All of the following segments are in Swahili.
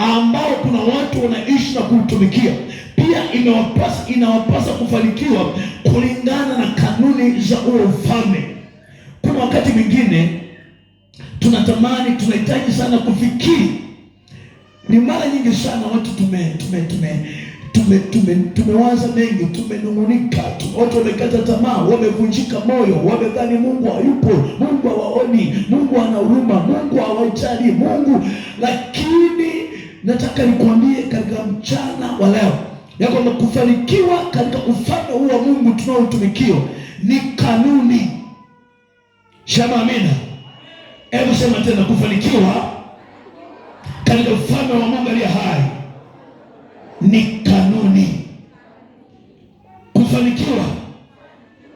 ambao kuna watu wanaishi na kuutumikia pia inawapasa, inawapasa kufanikiwa kulingana na kanuni za huo ufalme. Kuna wakati mwingine tunatamani, tunahitaji sana kufikiri. Ni mara nyingi sana watu tume tume tume tumewaza mengi, tumenung'unika, watu wamekata tamaa, wamevunjika moyo, wamedhani Mungu hayupo, Mungu hawaoni, Mungu ana huruma, Mungu hawajali, Mungu lakini nataka nikwambie katika mchana wa leo ya kwamba kufanikiwa katika ufalme huu wa Mungu tunaotumikio ni kanuni. Shema amina. Hebu sema tena, kufanikiwa katika ufalme wa Mungu aliye hai ni kanuni. Kufanikiwa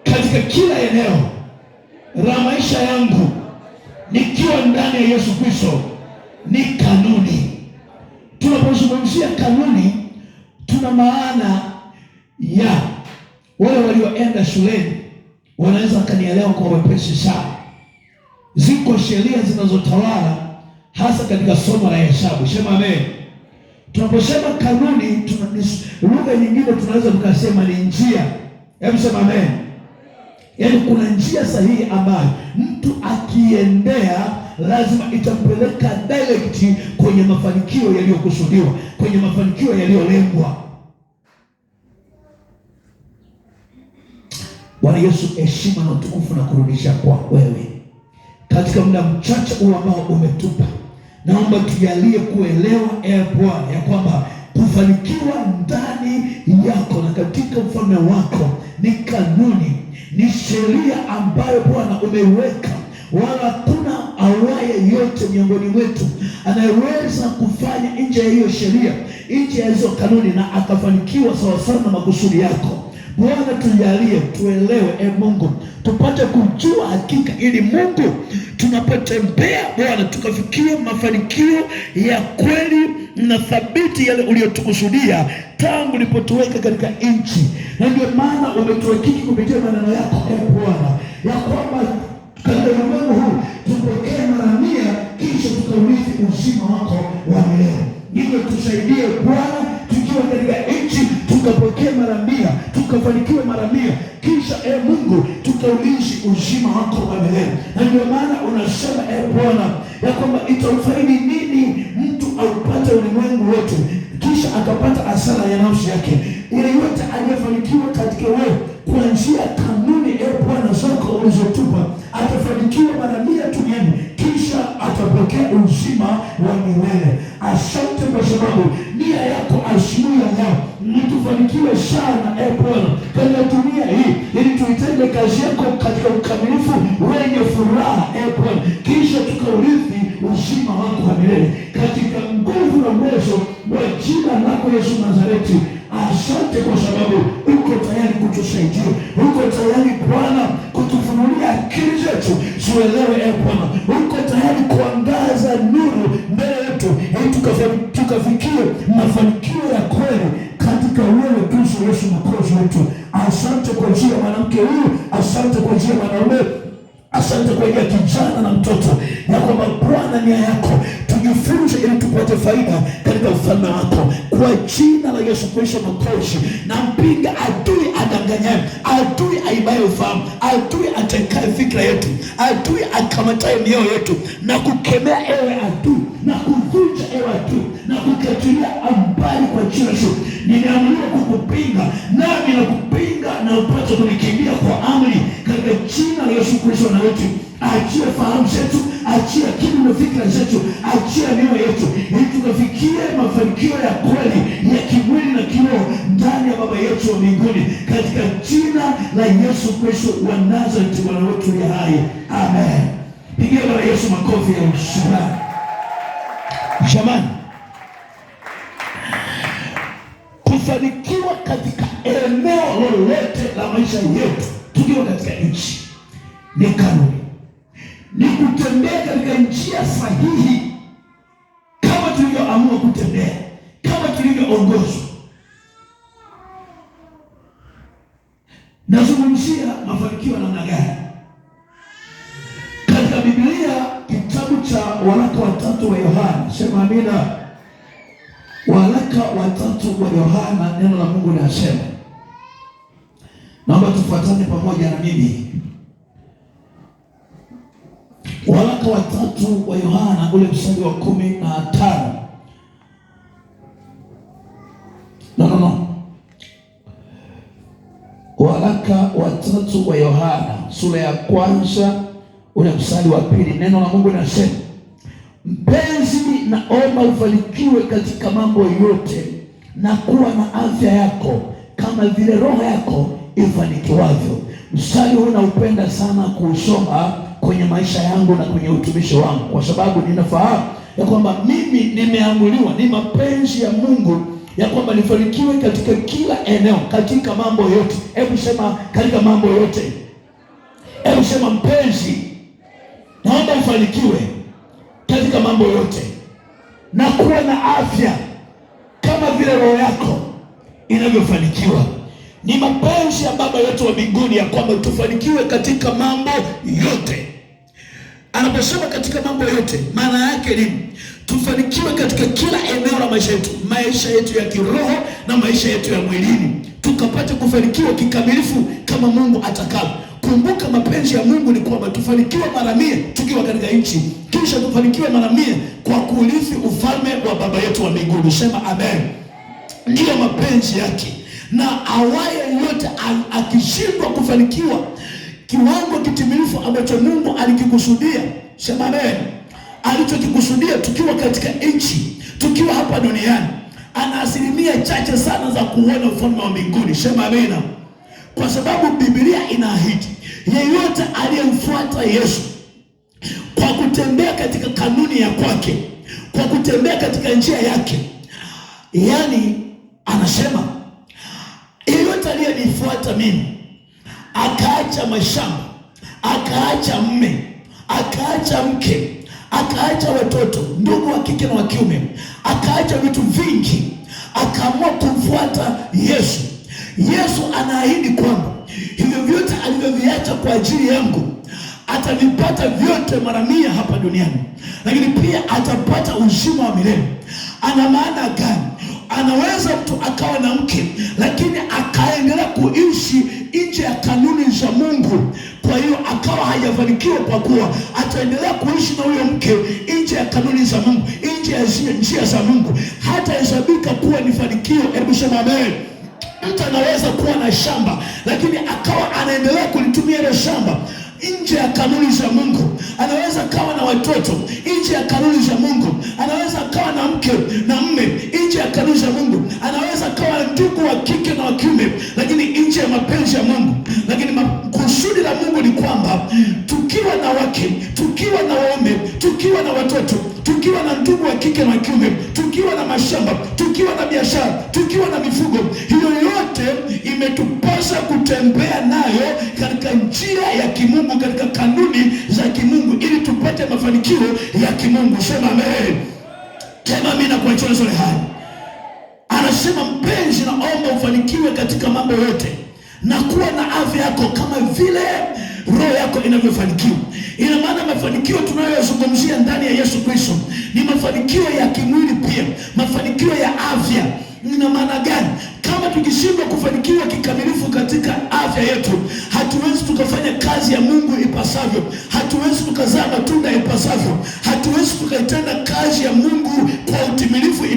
katika kila eneo la maisha yangu nikiwa ndani ya Yesu Kristo ni kanuni tunapozungumzia kanuni, tuna maana ya wale walioenda shuleni wanaweza wakanielewa kwa wepesi sana. Ziko sheria zinazotawala hasa katika somo la hesabu. Sema amen. Tunaposema kanuni, lugha nyingine tunaweza tukasema ni njia. Hebu sema amen. Yaani kuna njia sahihi ambayo mtu akiendea lazima itampeleka direct kwenye mafanikio yaliyokusudiwa, kwenye mafanikio yaliyolengwa. Bwana Yesu, heshima na utukufu na kurudisha kwa wewe katika muda mchache huu ambao umetupa, naomba tujalie kuelewa, e Bwana, ya kwamba kufanikiwa ndani yako na katika ufalme wako ni kanuni, ni sheria ambayo Bwana umeiweka wala hakuna awaye yote miongoni mwetu anayeweza kufanya nje ya hiyo sheria, nje ya hizo kanuni, na akafanikiwa sawasawa na makusudi yako. Bwana, tujalie tuelewe, e Mungu, tupate kujua hakika, ili Mungu tunapotembea Bwana tukafikia mafanikio ya kweli na thabiti yale uliyotukusudia tangu ulipotuweka katika nchi, na ndio maana umetuwekiki kupitia maneno yako e Bwana ya kwamba katika ulimwengu huu tupokee mara mia, kisha tukaurithi uzima wako wa milele. Hivyo tusaidie Bwana, tukiwa katika nchi tukapokee mara mia, tukafanikiwe mara mia, kisha e Mungu tutaulishi uzima wako wa milele. Na ndio maana unasema e Bwana ya kwamba itaufaidi nini jina lako Yesu Nazareti, asante kwa sababu uko tayari kutusaidia, uko tayari Bwana kutufunulia akili zetu zielewe, e Bwana, uko tayari kuangaza nuru mbele yetu ili eh, tukafikie mafanikio ya kweli katika wewe Kristo Yesu Mwokozi wetu. Asante kwa njia ya mwanamke huyu, asante kwa njia ya mwanaume Asante kwa ajili ya kijana na mtoto, na kwamba Bwana nia yako tujifunze, ili tupate faida mfalme wako kwa jina la Yesu Kristo Mwokozi. Nampinga adui adanganyaye, adui aibaye ufahamu, adui atekae fikira yetu, adui akamataye mioyo yetu, na kukemea ewe adui, na kuvunja ewe adui, na kukatilia ambali kwa jina la Yesu. Ninaamua kukupinga, nami nakupinga na upate kunikimbia kwa amri katika jina la Yesu Kristo. Na wetu achie fahamu zetu, achie akili na fikira zetu, achie mioyo mafanikio ya kweli ya kimwili na kiroho ndani ya Baba yetu wa mbinguni katika jina la Yesu Kristo wa Nazareti, Bwana wetu ya hai, amen. Pigia Bwana Yesu makofi ya shukrani. Jamani, kufanikiwa katika eneo lolote la maisha yetu, tukiwa katika nchi, ni kanuni, ni kutembea katika njia sahihi ongozwa. Nazungumzia mafanikio namna gani? Katika Biblia kitabu cha waraka watatu wa Yohana, sema amina. Waraka watatu wa Yohana, neno la Mungu linasema, naomba tufuatane pamoja na mimi. Waraka watatu wa Yohana ule mstari wa kumi na tano No, no, no. Waraka wa tatu wa Yohana sura ya kwanza ule mstari wa pili, neno la Mungu linasema mpenzi, naomba ufanikiwe katika mambo yote na kuwa na afya yako kama vile roho yako ifanikiwavyo. Mstari huu naupenda sana kuusoma kwenye maisha yangu na kwenye utumishi wangu, kwa sababu ninafahamu ya kwamba mimi nimeamuliwa, ni mapenzi ya Mungu ya kwamba nifanikiwe katika kila eneo, katika mambo yote. Hebu sema katika mambo yote. Hebu sema mpenzi, naomba ufanikiwe katika mambo yote na kuwa na afya kama vile roho yako inavyofanikiwa. Ni mapenzi ya Baba yetu wa mbinguni ya kwamba tufanikiwe katika mambo yote. Anaposema katika mambo yote, maana yake ni tufanikiwe katika kila eneo la maisha yetu, maisha yetu ya kiroho na maisha yetu ya mwilini, tukapate kufanikiwa kikamilifu kama Mungu atakavyo. Kumbuka, mapenzi ya Mungu ni kwamba tufanikiwe mara mia tukiwa katika nchi, kisha tufanikiwe mara mia kwa kurithi ufalme wa Baba yetu wa mbinguni. Sema amen. Ndiyo mapenzi yake, na awaye yote akishindwa kufanikiwa kiwango kitimilifu ambacho Mungu alikikusudia, sema amen alichokikusudia tukiwa katika nchi, tukiwa hapa duniani, ana asilimia chache sana za kuona ufalme wa mbinguni. Sema amina, kwa sababu Biblia inaahidi yeyote aliyemfuata Yesu kwa kutembea katika kanuni ya kwake, kwa kutembea katika njia yake, yaani anasema yeyote aliyenifuata mimi akaacha mashamba, akaacha mme, akaacha mke akaacha watoto ndugu wa kike na wa kiume, akaacha vitu vingi, akaamua kumfuata Yesu. Yesu anaahidi kwamba hivyo vyote alivyoviacha kwa ajili yangu atavipata vyote mara mia hapa duniani, lakini pia atapata uzima wa milele. Ana maana gani? Anaweza mtu akawa na mke lakini akaendelea kuishi nje ya kanuni za Mungu, kwa hiyo akawa hajafanikiwa, kwa kuwa ataendelea kuishi na huyo mke nje ya kanuni za Mungu, nje ya njia za Mungu, hatahesabika kuwa ni fanikio. Hebu sema amen. Mtu anaweza kuwa na shamba lakini akawa anaendelea kulitumia ile shamba nje ya kanuni za Mungu, anaweza kawa na watoto nje ya kanuni za Mungu, anaweza kawa na mke na mme nje ya kanuni za Mungu, anaweza kawa ndugu wa kike na wa kiume, lakini nje ya mapenzi ya Mungu. Lakini kusudi la Mungu ni kwamba tukiwa na wake, tukiwa na waume, tukiwa na watoto tukiwa na ndugu wa kike na kiume, tukiwa na mashamba, tukiwa na biashara, tukiwa na mifugo, hiyo yote imetupasa kutembea nayo katika njia ya kimungu, katika kanuni za kimungu, ili tupate mafanikio ya kimungu. Sema amen. Sema mimi nakuachia swali haya. Anasema mpenzi, naomba ufanikiwe katika mambo yote na kuwa na afya yako kama vile roho yako inavyofanikiwa. Ina maana mafanikio tunayozungumzia ndani ya Yesu Kristo ni mafanikio ya kimwili pia, mafanikio ya afya. Ina maana gani? Kama tukishindwa kufanikiwa kikamilifu katika afya yetu, hatuwezi tukafanya kazi ya Mungu ipasavyo, hatuwezi tukazaa matunda ipasavyo, hatuwezi tukaitenda kazi ya Mungu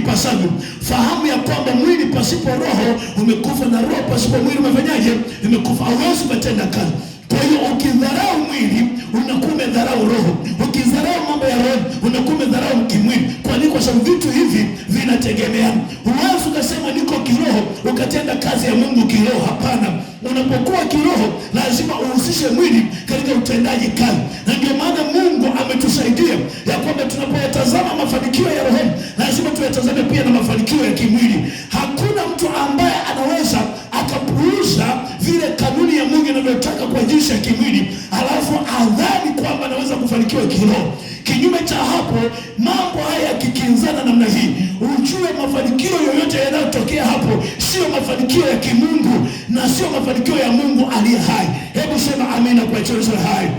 ipasavyo. Fahamu ya kwamba mwili pasipo roho umekufa na roho pasipo mwili umefanyaje? Imekufa, hauwezi kutenda kazi. Kwa hiyo ukidharau mwili unakuwa umedharau roho, ukidharau mambo ya roho unakuwa umedharau kimwili, nini? kwa sababu vitu hivi vinategemeana. Huwezi ukasema niko kiroho ukatenda kazi ya Mungu kiroho, hapana. Unapokuwa kiroho lazima uhusishe mwili katika utendaji kazi, na ndio maana Mungu ametusaidia ya kwamba tunapoyatazama mafanikio ya roho lazima tuyatazame pia na mafanikio ya kimwili. Hakuna mtu ambaye anaweza akapuuza vile kanuni ya Mungu inavyotaka kwa jinsi ya kimwili, alafu adhani kwamba anaweza kufanikiwa kiroho. Kinyume cha hapo, mambo haya yakikinzana namna hii, ujue mafanikio yoyote yanayotokea hapo sio mafanikio ya kimungu na sio mafanikio ya Mungu aliye hai. Hebu sema amina kwa chozo hai.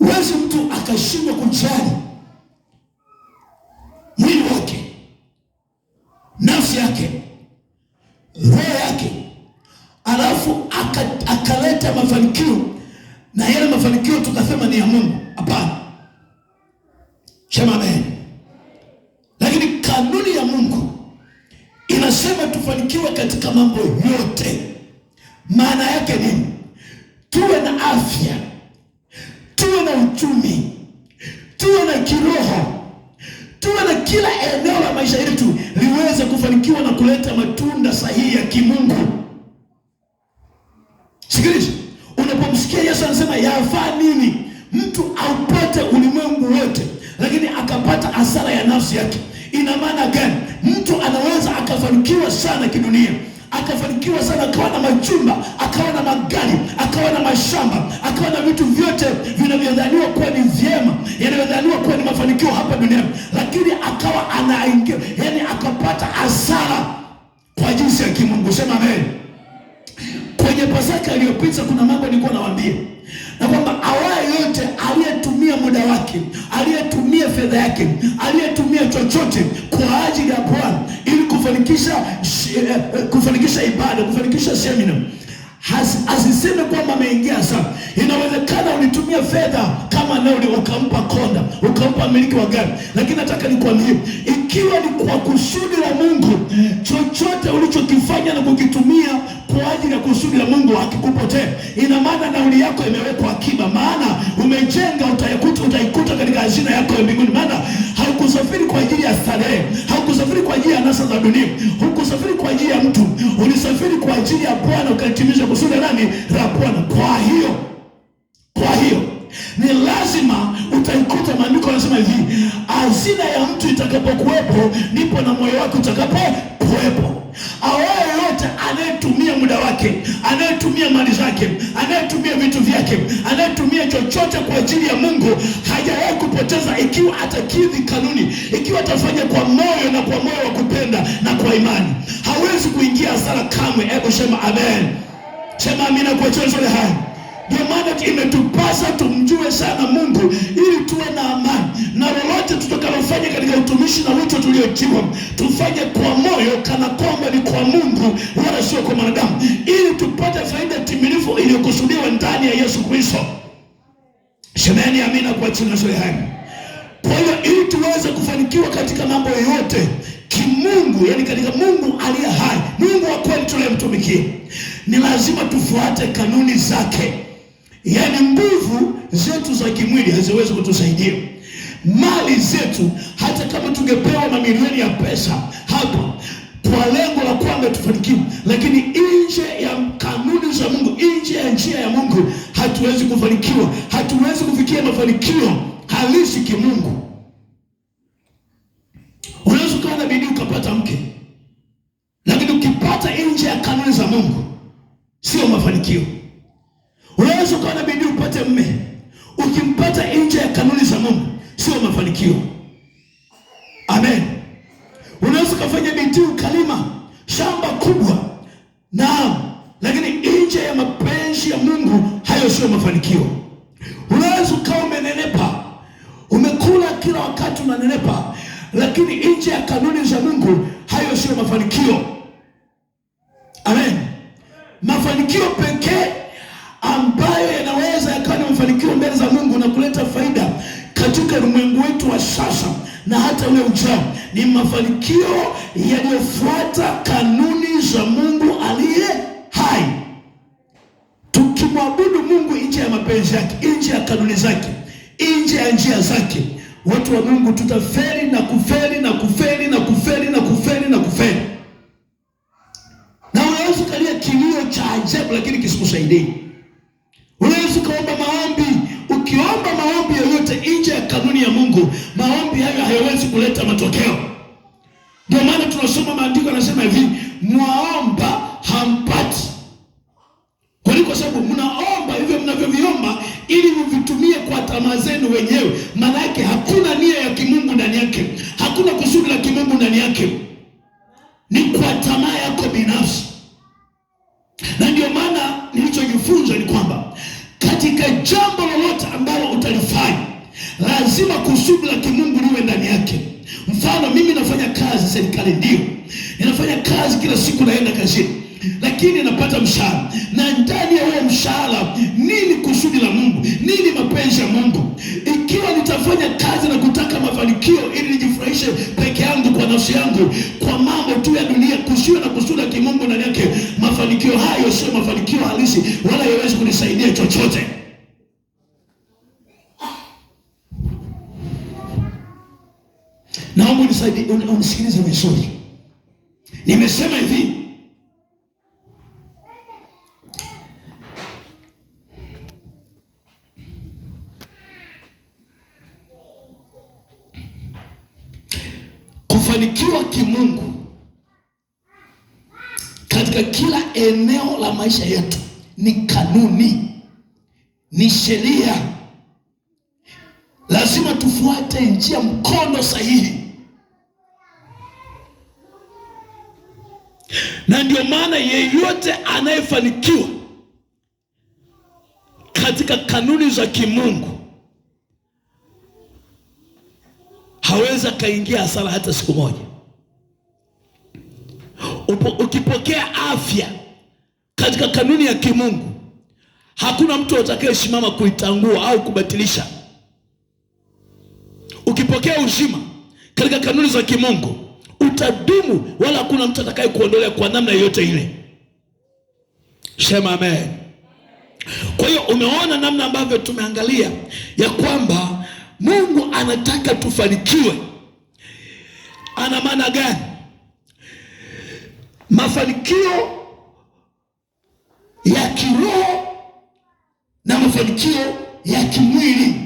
Wezi mtu akashindwa kujali mwili wake, nafsi yake, roho yake akaleta mafanikio na yale mafanikio tukasema ni ya Mungu. Hapana, sema amen. Lakini kanuni ya Mungu inasema tufanikiwe katika mambo yote. Maana yake nini? Tuwe na afya, tuwe na uchumi, tuwe na kiroho, tuwe na kila eneo la maisha yetu liweze kufanikiwa na kuleta matunda sahihi ya kimungu. Nisikilize, unapomsikia Yesu anasema yafaa nini mtu aupate ulimwengu wote, lakini akapata hasara ya nafsi yake, ina maana gani? Mtu anaweza akafanikiwa sana kidunia akafanikiwa sana akawa na majumba akawa na magari akawa na mashamba akawa na vitu vyote vinavyodhaniwa kuwa ni vyema, yanavyodhaniwa kuwa ni mafanikio hapa duniani, lakini akawa anaingia, yani akapata hasara kwa jinsi ya kimungu. Sema amen kwenye Pasaka iliyopita kuna mambo nilikuwa nawaambia, na kwamba awaye yote aliyetumia muda wake, aliyetumia fedha yake, aliyetumia chochote kwa ajili ya Bwana ili kufanikisha eh, eh, kufanikisha ibada, kufanikisha semina asiseme kwamba ameingia sana. Inawezekana ulitumia fedha kama nauli, ukampa konda, ukampa miliki wa gari, lakini nataka nikwambie, ikiwa ni kwa kusudi la Mungu, chochote ulichokifanya na kukitumia kwa ajili ya kusudi la Mungu akikupotee, ina maana nauli yako imewekwa akiba, maana umejenga utaikuta, utaikuta katika hazina yako ya mbinguni, maana haukusafiri kwa ajili ya starehe, haukusafiri kwa ajili ya anasa za dunia, hukusafiri kwa ajili ya mtu, ulisafiri kwa ajili ya Bwana, ukalitimiza kusudi nani la Bwana. Kwa hiyo kwa hiyo ni lazima utaikuta. Maandiko yanasema hivi, hazina ya mtu itakapokuwepo ndipo na moyo wako utakapokuwepo. Awaye yeyote anayetumia muda wake, anayetumia mali zake, anayetumia vitu vyake, anayetumia chochote kwa ajili ya Mungu hajawahi kupoteza, ikiwa atakidhi kanuni, ikiwa atafanya kwa moyo na kwa moyo wa kupenda na kwa imani, hawezi kuingia hasara kamwe. Hebu sema amen, sema amina kwa chochote hai. Ndio maana imetupasa tumjue sana Mungu ili tuwe na amani, na lolote tutakalofanya katika utumishi na wito tuliokiwa tufanye kwa moyo kana kwamba ni kwa Mungu wala sio kwa mwanadamu, ili tupate faida timilifu iliyokusudiwa ndani ya Yesu Kristo. shemeni amina kwa jina Yohana. Kwa hiyo ili tuweze kufanikiwa katika mambo yote kimungu, yani katika Mungu aliye hai, Mungu wa kweli tunayemtumikia, ni lazima tufuate kanuni zake. Yaani nguvu zetu za kimwili haziwezi kutusaidia. Mali zetu hata kama tungepewa mamilioni ya pesa hapa kwa lengo la kwamba tufanikiwe, lakini nje ya kanuni za Mungu, nje ya njia ya Mungu hatuwezi kufanikiwa, hatuwezi kufikia mafanikio halisi kimungu. Unaweza ukawa na bidii ukapata mke, lakini ukipata nje ya kanuni za Mungu sio mafanikio. Unaweza kuwa na bidii upate mme, ukimpata nje ya kanuni za Mungu sio mafanikio. Amen. Unaweza ukafanya bidii ukalima shamba kubwa, naam, lakini nje ya mapenzi ya Mungu hayo sio mafanikio. Unaweza ukawa umenenepa, umekula kila wakati unanenepa, lakini nje ya kanuni za Mungu hayo sio mafanikio. Amen. Mafanikio pekee ambayo yanaweza yakawa na mafanikio mbele za Mungu na kuleta faida katika ulimwengu wetu wa sasa na hata ule ujao, ni mafanikio yaliyofuata kanuni za Mungu aliye hai. Tukimwabudu Mungu nje ya mapenzi yake, nje ya kanuni zake, nje ya njia zake, watu wa Mungu tutafeli na kufeli na kufeli na kufeli na kufeli na kufeli, na unaweza kalia kilio cha ajabu, lakini kisikusaidii. Huwezi ukaomba maombi. Ukiomba maombi yoyote nje ya kanuni ya Mungu, maombi hayo hayawezi kuleta matokeo. Ndio maana tunasoma maandiko yanasema hivi, mwaomba hampati, kuliko sababu mnaomba hivyo mnavyoviomba ili mvitumie kwa tamaa zenu wenyewe. Maana yake hakuna nia ya kimungu ndani yake, hakuna kusudi la kimungu ndani yake, ni kwa tamaa yako binafsi. kusudi la kimungu liwe ndani yake. Mfano, mimi nafanya kazi serikali, ndio ninafanya kazi kila siku, naenda kazini, lakini napata mshahara, na ndani ya huo mshahara nini kusudi la Mungu, nini mapenzi ya Mungu? Ikiwa nitafanya kazi na kutaka mafanikio ili nijifurahishe peke yangu kwa nafsi yangu kwa mambo tu ya dunia, kusiwe na kusudi la kimungu ndani yake, mafanikio hayo sio mafanikio halisi, wala yawezi kunisaidia chochote. Naomba unisaidie, unisikilize vizuri. Nimesema hivi, kufanikiwa kimungu katika kila eneo la maisha yetu ni kanuni, ni sheria. Lazima tufuate njia, mkondo sahihi Na ndio maana yeyote anayefanikiwa katika kanuni za kimungu hawezi akaingia hasara hata siku moja. Upo, ukipokea afya katika kanuni ya kimungu hakuna mtu atakayesimama kuitangua au kubatilisha. Ukipokea uzima katika kanuni za kimungu utadumu, wala hakuna mtu atakaye kuondolea kwa namna yoyote ile. Sema amen. Kwa hiyo umeona namna ambavyo tumeangalia ya kwamba Mungu anataka tufanikiwe. Ana maana gani? Mafanikio ya kiroho na mafanikio ya kimwili.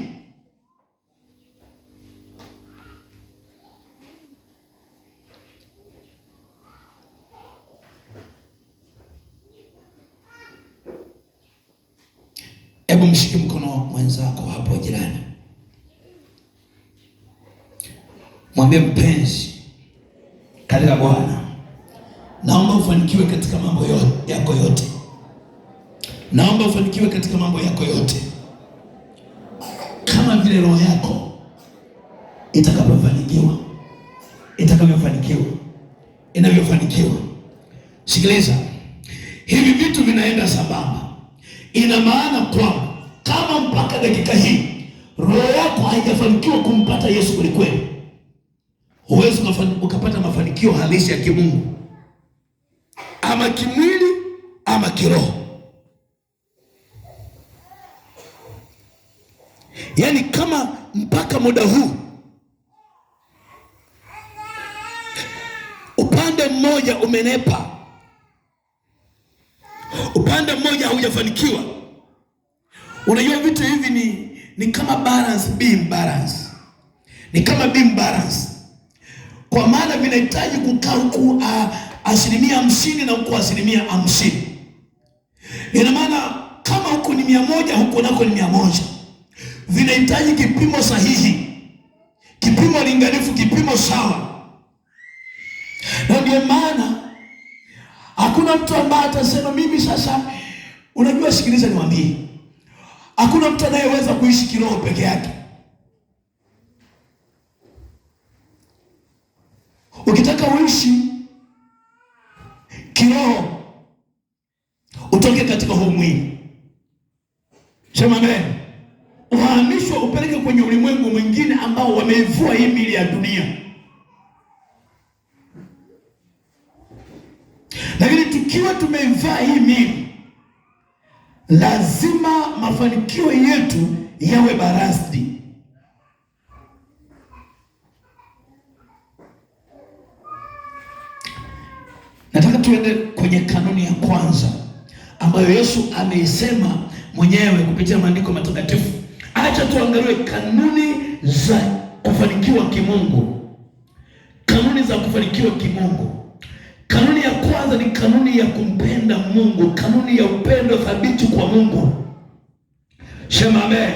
mshike mkono mwenzako hapo jirani, mwambie mpenzi katika Bwana, naomba ufanikiwe katika mambo yako yote, naomba ufanikiwe katika mambo yako yote, kama vile roho yako itakavyofanikiwa, itakavyofanikiwa, inavyofanikiwa. Sikiliza, hivi vitu vinaenda sambamba, ina maana kwamba kama mpaka dakika hii roho yako haijafanikiwa kumpata Yesu kwelikweli, huwezi ukapata mafanikio halisi ya kimungu, ama kimwili ama kiroho. Yaani kama mpaka muda huu upande mmoja umenepa, upande mmoja haujafanikiwa Unajua vitu hivi ni ni kama balance beam balance, ni kama beam balance, kwa maana vinahitaji kukaa huku asilimia hamsini na huku asilimia hamsini. Ina maana kama huku ni mia moja huku nako ni mia moja. Vinahitaji kipimo sahihi, kipimo linganifu, kipimo sawa, na ndio maana hakuna mtu ambaye atasema mimi sasa. Unajua, sikiliza niwaambie Hakuna mtu anayeweza kuishi kiroho peke yake. Ukitaka uishi kiroho, utoke katika huu mwili. Sema amen. Uhamishwe upeleke kwenye ulimwengu mwingine ambao wameivua hii mili ya dunia. Lakini tukiwa tumeivaa hii mili lazima mafanikio yetu yawe barasti. Nataka tuende kwenye kanuni ya kwanza ambayo Yesu ameisema mwenyewe kupitia maandiko matakatifu. Acha tuangalie kanuni za kufanikiwa kimungu, kanuni za kufanikiwa kimungu. Kanuni ya kwanza ni kanuni ya kumpenda Mungu, kanuni ya upendo thabiti kwa Mungu. Shema amen.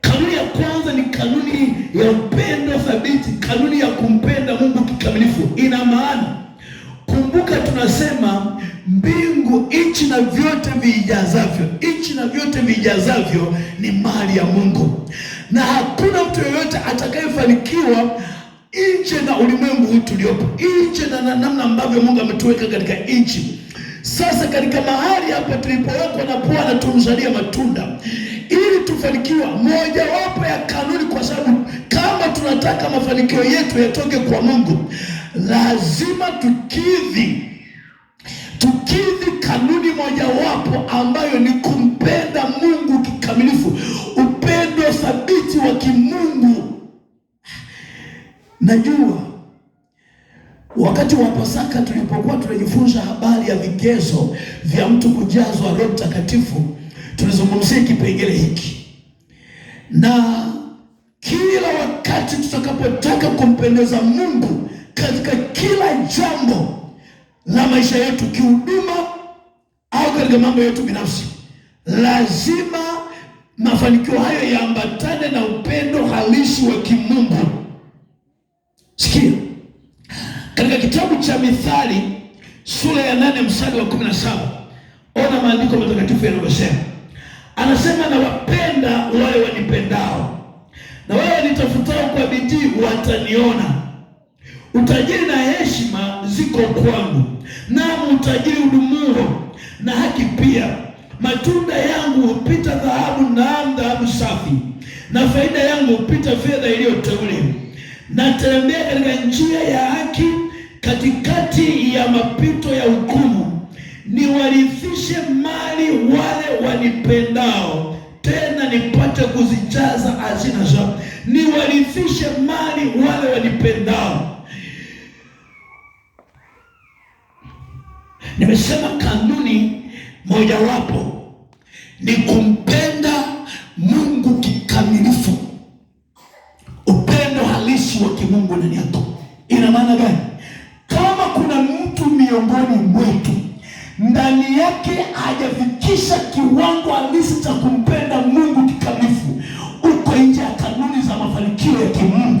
Kanuni ya kwanza ni kanuni ya upendo thabiti, kanuni ya kumpenda Mungu kikamilifu. Ina maana, kumbuka, tunasema mbingu, nchi na vyote viijazavyo, nchi na vyote viijazavyo ni mali ya Mungu, na hakuna mtu yeyote atakayefanikiwa nje na ulimwengu huu tuliopo, nje na namna ambavyo Mungu ametuweka katika nchi. Sasa katika mahali hapa tulipowekwa na Bwana tumzalia matunda ili tufanikiwa, mojawapo ya kanuni, kwa sababu kama tunataka mafanikio yetu yatoke kwa Mungu, lazima tukidhi tukidhi kanuni mojawapo ambayo ni kumpenda Mungu kikamilifu. Najua wakati wa Pasaka tulipokuwa tunajifunza habari ya vigezo vya mtu kujazwa Roho Mtakatifu, tulizungumzia kipengele hiki, na kila wakati tutakapotaka kumpendeza Mungu katika kila jambo la maisha yetu, kihuduma au katika mambo yetu binafsi, lazima mafanikio hayo yaambatane na upendo halisi wa kimungu. Sikia katika kitabu cha Mithali sura ya nane mstari wa kumi na saba ona maandiko matakatifu yanavyosema. Anasema, nawapenda wale wanipendao, na wale wanitafutao kwa bidii wataniona. Utajiri na heshima ziko kwangu, naam utajiri udumuo na haki pia. Matunda yangu hupita dhahabu, naam dhahabu safi, na faida yangu hupita fedha iliyoteule natembea katika njia ya haki, katikati ya mapito ya hukumu. Niwarithishe mali wale wanipendao, tena nipate kuzijaza hazina zao. Niwarithishe mali wale wanipendao. Nimesema kanuni mojawapo ni kumpenda Mungu kikamilifu. Mungu ndani yako. Ina maana gani? Kama kuna mtu miongoni mwetu ndani yake hajafikisha kiwango halisi cha kumpenda Mungu kikamilifu, uko nje ya kanuni za mafanikio ya kimungu.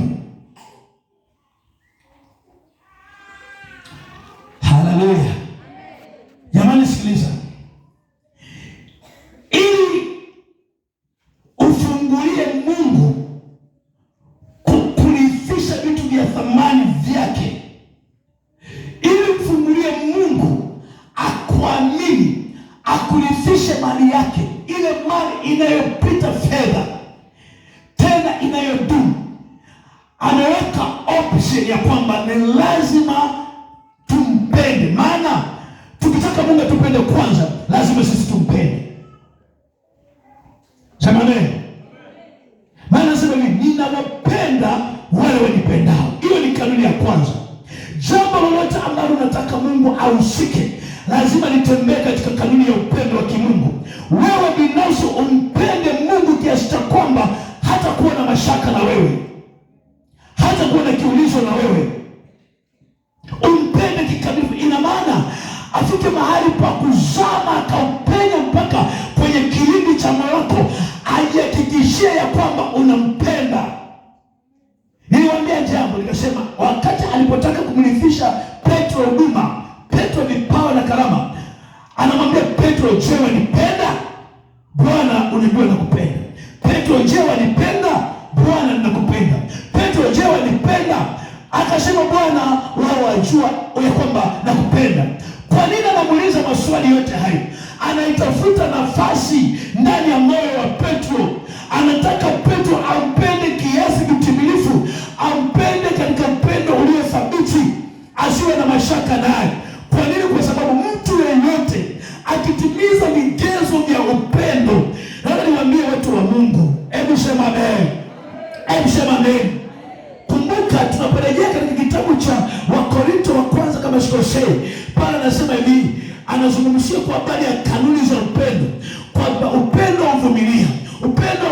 Sema amen. Maana nasema hivi, ninawapenda wale wanipendao. Hiyo ni kanuni ya kwanza. Jambo lolote ambalo unataka Mungu ahusike, lazima litembee katika kanuni ya upendo wa kimungu. Wewe binafsi umpende Mungu kiasi cha kwamba hata kuwa na mashaka na wewe, hata kuwa na kiulizo na wewe, umpende kikamilifu. Ina maana afike mahali pa kuzama akaupenya mpaka kwenye kilindi cha moyo wako ajihakikishie ya kwamba unampenda. Niliwaambia jambo nikasema, wakati alipotaka kumrithisha Petro huduma, Petro vipawa na karama, anamwambia Petro, je, wanipenda? Bwana unajua nakupenda. Petro, je, wanipenda? Bwana nakupenda Petro, je, wanipenda? Akasema Bwana, wao wajua ya kwamba nakupenda. Kwa nini anamuuliza maswali yote hayo? anaitafuta nafasi ndani ya moyo wa Petro. Anataka Petro ampende kiasi kitimilifu, ampende katika upendo ulio thabiti, asiwe na mashaka naye. Kwa nini? Kwa sababu mtu yeyote akitimiza vigezo vya upendo, labda niwaambie watu wa Mungu, hebu sema amen, hebu sema amen. Kumbuka tunaporejea katika kitabu cha Wakorinto wa kwanza, kama sikosei, pale anasema hivi anazungumzia kwa habari ya kanuni za upendo, kwamba upendo uvumilia, upendo